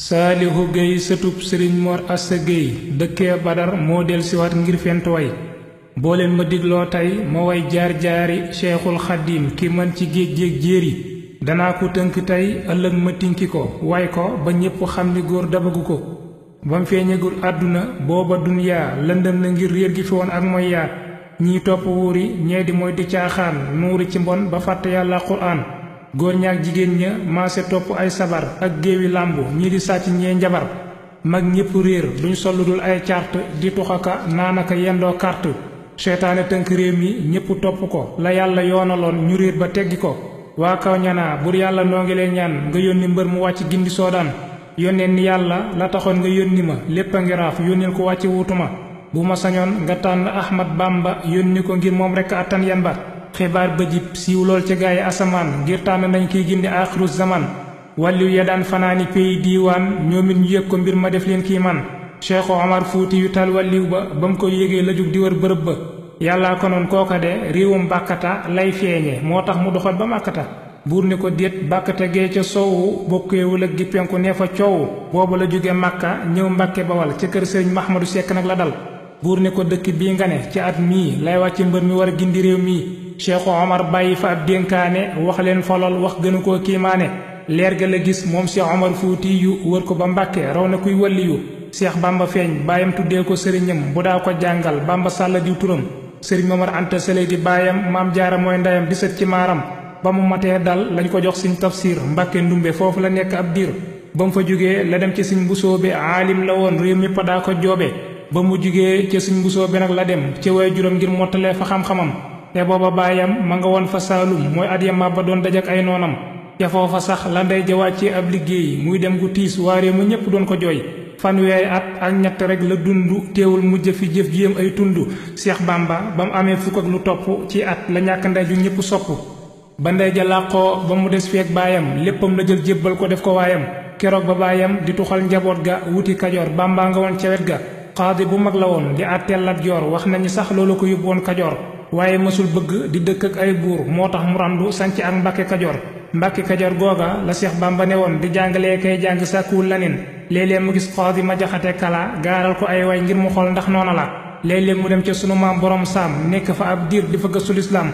saalihu géy sëtub sëriñ mor asta géy dëkkee badar moo del siwaat ngir fent way boo leen ma digloo tey ma way jaar jaari cheikhul xadim ki man ci géej géej yi danaa ko tënk tey ëllëg ma tinki ko way ko ba ñépp xam ni góor dabagu ko bam feeñagul àdduna booba dunyaa lëndëm na ngir réer gi fi woon ak mooy yaa ñii topp wuuri ñee di mooy di caaxaan nuuri ci mbon ba fàtte yàlla quraan Gonyak ñaak jigéen ña maase topp ay sabar ak géewi làmb ñii di njabar mag ñépp réer duñ sollu ay carte di tuxaka naanaka yendoo carte seytaane tënk réew mi ñépp topp ko la yàlla yoonaloon ñu réer ba teggi ko waa kaw ñanaa bur yàlla noo ngi lay ñaan nga yónni mbër mu wàcc gindi soodaan yónneen ni yàlla la taxoon nga ma ko bu nga ahmad bamba yon ko ngir moom rekk attan xibaar ba jib siiw lool ci gaay asamaan ngir tànn nañ kiy gindi aaxiru zaman wàllu ya daan fanaani pey diiwaan ñoomit ñu yëg ko mbir ma def leen kii man Cheikh Omar Fuuti yu tal wàlliw ba ba mu ko yégee la jóg di wër bërëb ba yàllaa ko noon kooka de réewum bàkkata lay feeñe moo tax mu doxat ba màkkata buur ni ko déet bàkkata gee ca soowu bokkeewul ak gi penku nee fa coowu boobu la jóge màkka ñëw mbàkke bawal ca kër sëriñ Mahmadu Sekk nag la dal buur ko dëkk bii nga ne mi war a gindi réew mii cheikhu omar bàyyi fa ab Kane? wax leen folol wax gënu koo kiimaane leer ga la gis cheikh omar fuuti yu wër ko ba mbàkke raw na kuy yu cheikh bamba feeñ bayam tuddee ko sëriñam bu daa ko janggal bamba sàll di turam sëriñ omar anta di bayam Mam jaara mooy ndeyam di sët ci maaram ba dal lañ ko jox siñ tafsir mbàkke ndumbe foofu la nekk ab diir ba fa jógee la dem ci siñ busoobe aalim la woon réew mi padaa ko joobe ba mu jógee ca siñ busoobe nag la dem ca way ngir fa xam-xamam te baba bayam ma nga woon fa saalum mooy ya dajak ay noonam ca foofa sax la ndey ja wàccee ab liggéey muy dem gu tiis waaree mu ñépp doon ko jooy fanweeri at ak ñett rek la dund teewul mujj fi jëf ay Cheikh Bamba bam mu amee fukk ak lu topp ci at la ñàkk ndey ju ñépp sopp ba ndey ja làqoo ba mu la jël ko def ko waayam keroog ba baayam di tuxal njaboot ga wuti kajoor Bamba nga woon ca wet ga xaadi bu mag la di àtteel Lat Joor wax nañu sax loolu ko yóbbu woon waaye masul bëgg di dëkk ak ay buur moo tax mu randu sanc ak mbàkke kajoor mbàkke kajoor googa la Seex ba ne woon di jàngalee kay jàng sàkkuwul leneen léeg-léeg mu gis xoos yi ma jaxate kala gaaral ko ay way ngir mu xool ndax noona la léeg mu dem ca sunu maam borom saam nekk fa ab diir di fa gëstu lislaam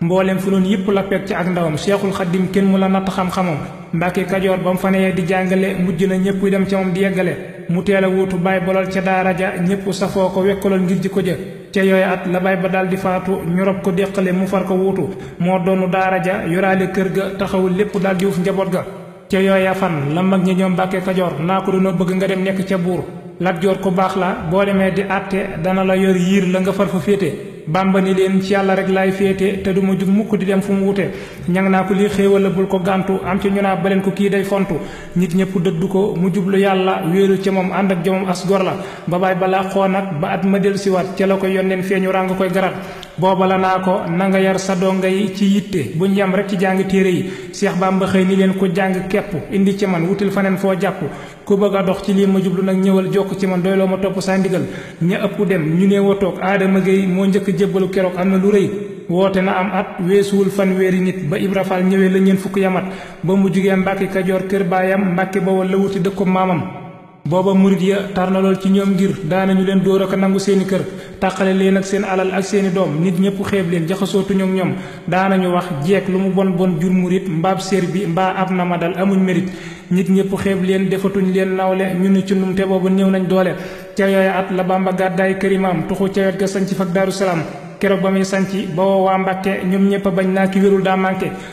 mboolem fu noon yëpp la peg ci ak ndawam seexul xaddim kenn mu la natt xam-xamam mbàkke kajoor ba mu fa neyee di jàngale mujj na ñëpp dem ca moom di yeggale mu teel a wuutu bàyyi bolol ca daara ja ñëpp safoo ko wekkalool ngir ko jë ca yooya at la baay ba daal di faatu ñu rob ko déqale mu far ko wuutu moo doonu daara ja yoraale kër ga taxawul lépp daal di wuuf njaboot ga ca yooya fan la mag ñi ñoom Mbàkke Kajoor naa ko doona bëgg nga dem nekk ca buur Lat Joor ku baax la boo demee di àtte dana la yor yiir la nga far fa féete bàmba ni leen ci yàlla rek laay féete te du ma jug mukk di dem fu mu wute ñan naa ko lii xéewal la bul ko gàntu am ci ñu naa baleen ko kii day fontu nit ñëpp dëddu ko mu jublu yàlla wéeru ca moom ànd ak jomam as gor la ba baay balaa xoon ak ba at ma siwaat ca la ko yonneen feeñu ràng koy garat booba la naa ko na nga yar sa donga yi ci yitte buñ yem rek ci jàng téere yi Seex Bàmba xëy ni leen ko jàng kepp indi ci man wutil faneen foo jàpp ku bëgg a dox ci lii ma jublu nag ñëwal jokk ci man doy loo ma topp saa ndigal ña ëpp dem ñu ne watoog Aadama Géey moo njëkk jébbalu keroog am na lu rëy woote na am at weesuwul fan weer fanweeri nit ba Ibra Faal ñëwee la ñeen fukk yamat ba mu jugee Mbàkke Kajoor kër baayam Mbàkke Bawol la wuti dëkku maamam booba murit ya tar na lool ci ñoom ngir daanañu leen dóor ak nangu seeni kër tàqale leen ak seen alal ak seeni doom nit ñëpp xeeb leen jaxasoo ak ñoom daanañu wax jeeg lu mu bon bon jur murit mbaab séer bi mbaa ab na ma dal amuñ mérite nit ñëpp xeeb leen defatuñ leen nawle ñu ni ci num te boobu néew nañ doole ca yooya at la Bàmba gàddaay kërimaam tuxu ca wet ga sañc fak Daaru Salaam keroog bami muy bawo boo waa mbàkke ñoom ñëpp bañ naa ki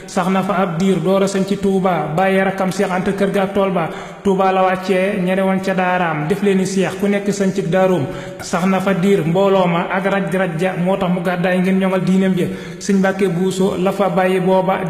fa ab diir door a sanci tuuba bàyyi rakkam seex kër ga ak tool ba tuuba la wàccee ñene woon ca daaraam def leeni seex ku nekk sanci daaroom sax fa dir mbooloo ma ak raj raj ja mu gàddaay ngeen ñoŋal diineem ja sëñ buuso la fa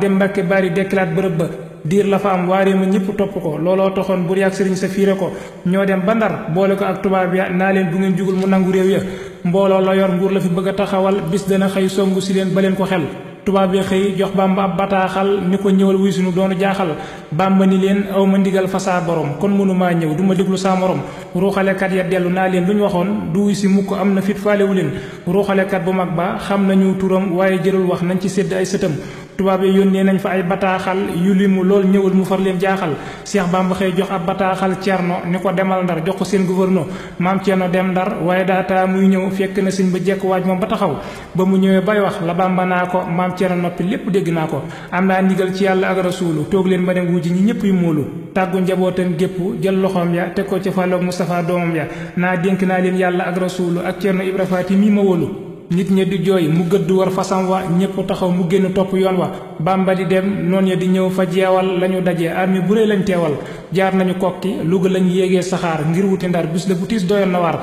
dem bari dekkilaat bërëb dir lafa la fa am waaree ma ñëpp topp ko looloo taxoon bur yaag sëriñ sa fiire ko ñoo dem ko ak ya, leen bu ngeen jugul mu nangu ya mbooloo la yor nguur la fi bëgg a taxawal bis dana xëy songu si leen ba leen ko xel tubaab yi xëy jox bàmba ab bataaxal ni ko ñëwal wuy suñu doonu jaaxal bàmba ni leen aw ndigal fa saa borom kon mënumaa ñëw du ma déglu saa morom ruuxalekat ya dellu naa leen lu ñu waxoon du wuy si mukk am na fit faalewu leen ruuxalekat bu mag ba xam nañu turam waaye jërul wax nañ ci sédd ay sëtam tubaab yi yónnee nañ fa ay bataaxal yu mu lool ñëwul mu far leen jaaxal Cheikh Bamba xëy jox ab bataaxal Cerno ni ko demal ndar jox ko seen gouverneur maam Cerno dem ndar waaye daataa muy ñëw fekk na sëñ ba jekk waaj moom ba taxaw ba mu ñëwee bay wax la Bamba naa ko maam Cerno noppi lépp dégg naa ko am naa ndigal ci yàlla ak rasuulu toog leen ba ma dem wuji ñi ñëpp yu móolu tàggu njabootam gépp jël loxoom ya teg ko ci faloog Moustapha doomam ya naa dénk naa leen yàlla ak rasuulu ak Cerno Ibra Faati ma wóolu nit ña di jooy mu gëdd war fasam wa ñépp taxaw mu génn yoon wa di dem noon ya di ñëw fa jeewal lañu daje armi bu rëy lañ teewal jaar nañu kokki luga lañ yéegee saxaar ngir wuti ndar bis la bu tiis doyoon na waar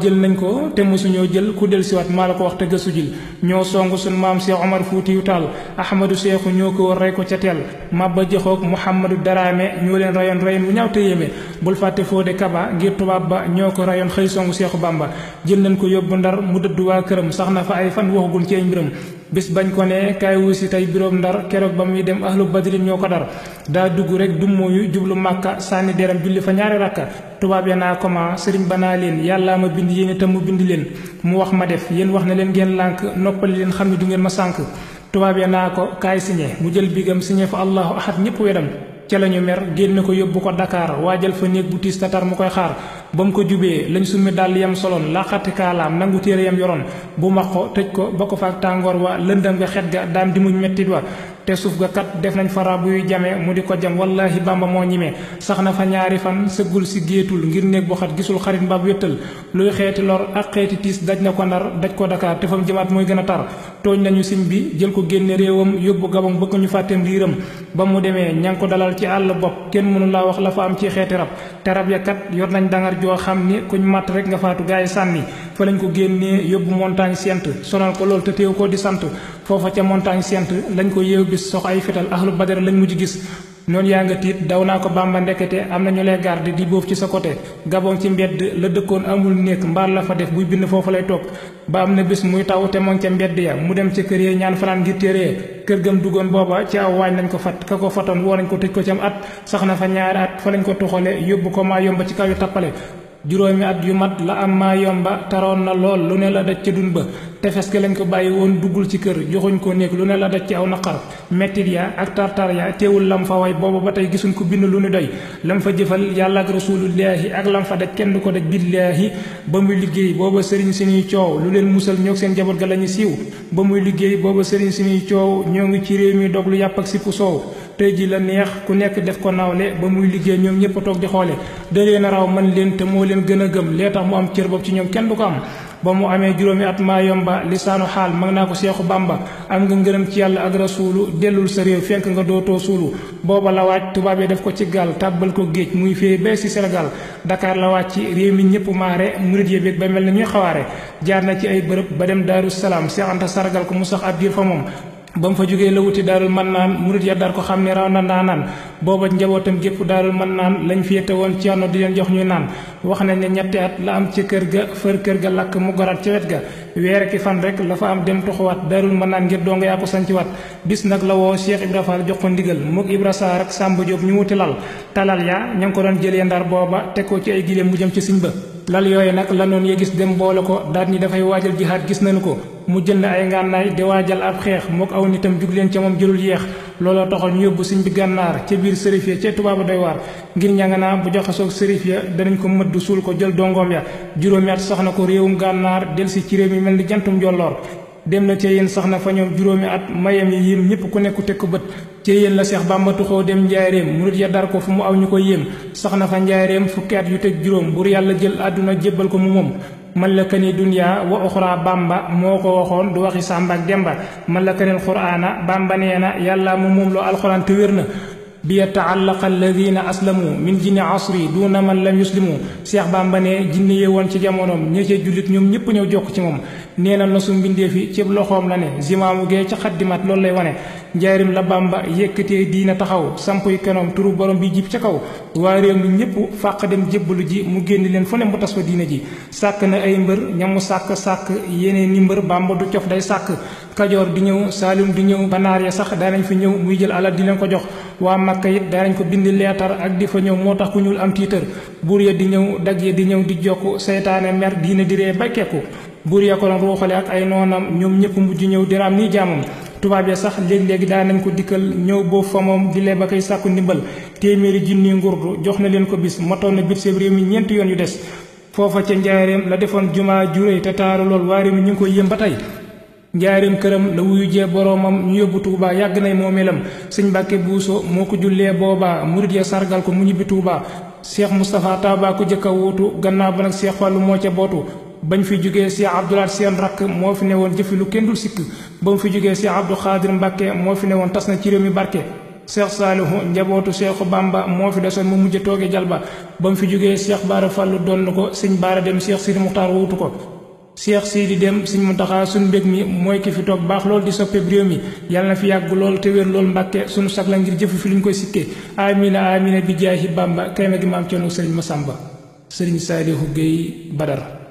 jël nañ ko te jël ku del ko wax gësu jil ñoo songu sun maam cheikh omar fuuti yu taal ahmadou cheikhu ñoo ko war rey ko ca teel mabba jëxoog mouhamadou daraame ñoo leen rayoon rayoon bu ñaaw te yéeme bul fàtte foo de kaba ngir tubaab ba ñoo ko rayoon xëy songu bamba jël nañ ko yóbbu ndar mu dëdd mbiram sax na fa ay fan waxagul ci ay mbiram bis bañ ko ne kaay wu si tey biroom ndar keroog ba muy dem ahlu badrin ñoo ko dar daa dugg rek dummóoyu jublu màkka sànni deram julli fa ñaari rakka tubaab ya naa comment sëriñ ba naa leen yàllaa ma bind yéen tam mu bind leen mu wax ma def yéen wax na leen ngeen lànk noppali leen xam ne du ngeen ma sànk tubaab ya naa ko kaay signé mu jël bigam signé fa allahu ahad ñëpp wedam ca la ñu mer génn ko yóbbu ko Dakar waajal fa néeg bu tiis tatar mu koy xaar ba mu ko jubee lañ summi dàll yam soloon laaxati kaalaam nangu téere yam yoroon bu max ko tëj ko ba ko faak tàngoor wa lëndam nga xet ga daam di mu mettit wa te suuf ga kat def nañ fara buy jame mu di ko jam wallahi bamba moo me, sax na fa ñaari fan sëggul si géetul ngir néeg bu xat gisul xarit mbab wéttal luy xeeti lor ak xeeti tiis daj na ko ndar daj ko dakar te fam jëmaat mooy gën tar tooñ nañu Yusimbi bi jël ko génne réewam yóbbu gabam bëgg ñu fàtteem riiram ba mu demee ñang ko dalal ci àll bopp kenn mënu laa wax la fa am ci rab te rab ya kat yor nañ dangar joo xam ni kuñ màtt rek nga faatu gaay sànni fa lañ ko génnee montagne sent sonal ko lool te teew ko di sant foofa ca montagne sent lañ ko yeew bis sox ay fital ahlu badar lañ mujj gis noonu yaa nga tiit daw naa ko bàmba ndekete am na ñu lay garde di boof ci sa côté gabon ci mbedd la dëkkoon amul néeg mbaar la fa def buy bind foofa lay toog ba am na bis muy taw te moom ca mbedd ya mu dem ca kër ya ñaan fanaan ngir téere ya kër gam duggoon booba ci aw waañ lañ ko fat ka ko fatoon woo nañ ko tëj ko ci am at sax na fa ñaar at fa lañ ko tuxale yóbbu ko maa yomba ci kaw yu tappale juróomi at yu mat la am maa yomba taroon na lool lu ne la daj ca dun ba tefes ga lañ ko bàyyi woon duggul ci kër joxuñ ko néeg lu ne la daj ci aw naqar mettit ya ak tartar ya teewul lam fa way booba ba tey gisuñ ko bind lu nu doy lam fa jëfal yàlla ak rasulullaahi ak lam fa daj kenn du ko daj billaahi ba muy liggéey booba sëriñ suñuy coow lu leen musal ñoog seen jaboot ga la ñu siiw ba muy liggéey booba sëriñ suñuy coow ñoo ngi ci réew mi dog lu ak sipp soow tey ji la neex ku nekk def ko nawle ba muy liggéey ñoom ñëpp toog di xoole da leen raw man leen te moo leen gën a gëm lee tax mu am cër boobu ci ñoom kenn du ko am ba mu amee juróomi at maa yomba lisaanu xaal mag naa ko seexu bàmba am nga ngërëm ci yàlla ak rasuulu dellul sa réew fenk nga dootoo suulu booba la wàcc tubaab yi def ko ci gaal tàbbal ko géej muy féey ba si Sénégal Dakar la wàcc réew mi ñëpp maare murit yi beeg ba mel na ñuy xawaare jaar na ci ay bërëb ba dem Salaam Seex Anta sargal ko mu sax ab diir fa moom ba mu fa jógee la wuti daarul man ya dar ko xam ne raw na ndaanaan booba njabootam gépp daarul man naan lañ féete woon ci yoon di leen jox ñuy naan wax nañ ne ñetti at la am ci kër ga fër kër ga lakk mu goraat ca wet ga weer ki fan rek la fa am dem tuxuwaat daarul man naan ngir dong yaa ko sanciwaat bis nag la woo Cheikh ibrahim Fall jox ko ndigal moog Ibra Saar ak Samba Diop ñu wuti lal talal ya ña ngi ko doon jëlee ndar booba teg ko ci ay gileem mu jëm ci siñ ba lal yooyu nag la noon ya gis dem boole ko daat ñi dafay waajal jihaat gis nañu ko mu jënd ay ngànnaay di waajal ab xeex mook aw nitam jug leen ca moom jëlul yeex looloo taxoon ñu yóbbu sëñ gànnaar ca biir sërif ya ca tubaaba doy waar ngir naa bu jaxasoog sërif ya danañ ko mëdd suul ko jël dongoom ya juróomi at soxna ko réewum gànnaar delsi ci réew mi mel ni jantum jolloor dem na ca yéen soxna fa ñoom juróomi at mayam yi yéem ñëpp ku nekk tekk bët ca yéen la cheikh bamatu xow dem njaaréem murid ya dar ko fu mu aw ñuko ko soxna fa njaaréem fukki at yu tek juróom bur yàlla jël aduna jébal ko mu mom malakani dunya wa ukhra bamba moko waxon du waxi Sàmba ak Demba malakani alqur'ana bamba neena yàlla mu mom lo alquran te wér na biyataàllaqa alladhina aslamu min jinni asri duna man lam yuslimu cheikh Bàmba ne jinni yewon ci jamonom ñe ci julit ñom ñëpp ñëw jokk ci mom neenal na su mbindeef yi cib loxoom la ne zimaamu gee ca xaddimat loolu lay wane njaarim la bàmba yëkkatee diina taxaw sampuy kenoom turu borom bi jib ca kaw waa réew mi ñëpp fàq dem jébbalu ji mu génn leen fu ne mu tas fa diina ji sàkk na ay mbër ñamu sàkk sàkk yeneen ni mbër bàmba du cof day sàkk kajoor di ñëw saalum di ñëw banaar ya sax daanañ fi ñëw muy jël alal di leen ko jox waa makka it daanañ ko bind leetar ak di fa ñëw moo tax ku ñuul am tiitar buur ya di ñëw dag di ñëw di jokk seytaane mer diina di ree baykeeku buur yaa ko doon ruuxale ak ay noonam ñoom ñëpp mujj ñëw diraam ni jaamam tubaab ya sax léeg-léegi daan nañ ko dikkal ñëw boobu fa moom di lee koy sàkku ndimbal téeméeri junni ngurdu jox na leen ko bis matoon na bit seen réew mi ñeent yoon yu des foofa ca njaareem la defoon jumaa juréy te taaru lool waa mi ñu ngi koy yëm ba tey njaareem këram la wuyu jee boroomam ñu yóbbu Touba yàgg nay moomeelam sëñ Mbàkke Buuso moo ko jullee boobaa murit ya sargal ko mu ñibbi Touba Cheikh Moustapha Taba ko jëkk a wuutu gannaaw ba nag Cheikh Fallou moo ca bootu bañ fi jógee Cheikh Abdoulaye seen rakk moo fi ne woon jëfi lu kenn dul sikk ba fi jógee Cheikh Abdou Khadir Mbacke moo fi ne woon tas na ci réew mi barke Cheikh Saalihu njabootu Cheikhu Bamba moo fi desoon mu mujj tooge jalba ba mu fi jógee Cheikh Baara Fàllu doon na ko sëñ Baara dem Cheikh Sidi Muxtaar wuutu ko Cheikh Sidi dem mu Muntaxa suñ mbég mi mooy ki fi toog baax lool di soppeeb réew mi yàlla na fi yàgg lool te wér lool Mbàkke suñu sag la ngir jëfu fi luñ koy sikkee amina amina bi jaahi Bamba kay ma gi maam Cerno sëriñ Masamba sëriñ Saalihu Géey Badar